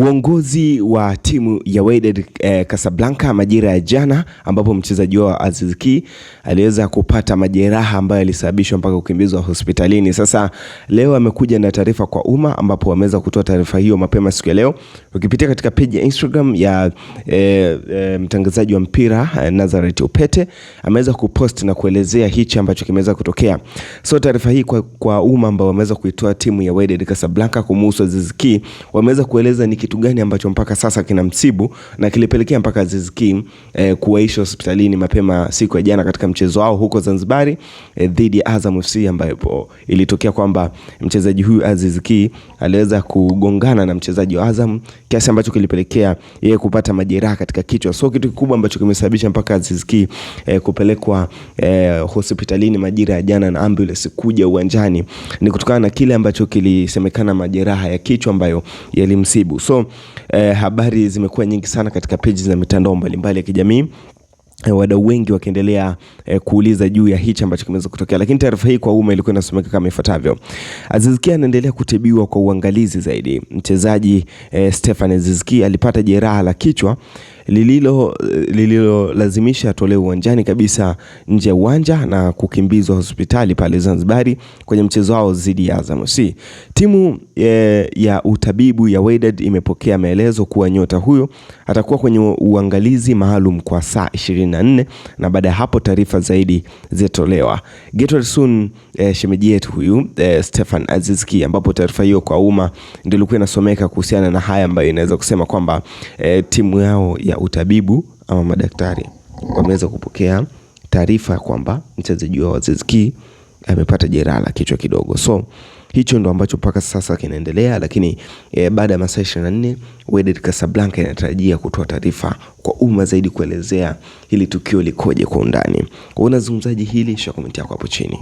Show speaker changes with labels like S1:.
S1: Uongozi wa timu ya Wydad eh, Casablanca majira ya jana ambapo mchezaji wao Aziz Ki aliweza kupata majeraha ambayo yalisababishwa mpaka kukimbizwa hospitalini. Sasa leo amekuja na taarifa kwa umma ambapo wameweza kutoa taarifa hiyo mapema siku ya leo. Ukipitia katika page ya Instagram ya eh, eh, mtangazaji wa mpira eh, Nazareth Upete ameweza kupost na kuelezea hichi ambacho kimeweza kutokea. So taarifa hii kwa, kwa umma ambao wameweza kuitoa timu ya Wydad Casablanca kumhusu Aziz Ki wameweza kueleza ni kitu gani ambacho mpaka sasa kinamsibu na kilipelekea mpaka Aziz Ki e, eh, kuwaisha hospitalini mapema siku ya jana katika mchezo wao huko Zanzibar eh, dhidi e, ya Azam FC, ambapo ilitokea kwamba mchezaji huyu Aziz Ki aliweza kugongana na mchezaji wa Azam kiasi ambacho kilipelekea yeye kupata majeraha katika kichwa. So kitu kikubwa ambacho kimesababisha mpaka Aziz Ki e, kupelekwa e, hospitalini majira ya jana na ambulance kuja uwanjani ni kutokana na kile ambacho kilisemekana majeraha ya kichwa ambayo yalimsibu so, mwisho eh, habari zimekuwa nyingi sana katika peji za mitandao mbalimbali ya kijamii eh, wadau wengi wakiendelea eh, kuuliza juu ya hichi ambacho kimeweza kutokea, lakini taarifa hii kwa umma ilikuwa inasomeka kama ifuatavyo: azizki anaendelea kutibiwa kwa uangalizi zaidi. Mchezaji eh, Stefan Azizkia alipata jeraha la kichwa lililo lililolazimisha atolewe uwanjani kabisa nje ya uwanja na kukimbizwa hospitali pale Zanzibari kwenye mchezo wao dhidi ya Azam FC. Timu e, ya utabibu ya Wydad imepokea maelezo kuwa nyota huyo atakuwa kwenye uangalizi maalum kwa saa 24 na baada ya hapo taarifa zaidi zitolewa. Get well soon, e, eh, shemeji yetu huyu e, Stefan Azizki, ambapo taarifa hiyo kwa umma ndio ilikuwa inasomeka kuhusiana na haya ambayo inaweza kusema kwamba e, timu yao ya ya utabibu ama madaktari wameweza kupokea taarifa kwamba mchezaji wao Aziz Ki amepata jeraha la kichwa kidogo. So hicho ndo ambacho mpaka sasa kinaendelea, lakini e, baada ya masaa 24 Wydad Casablanca inatarajia kutoa taarifa kwa umma zaidi kuelezea hili tukio likoje kwa undani. Unazungumzaji hili, shika komenti yako hapo chini.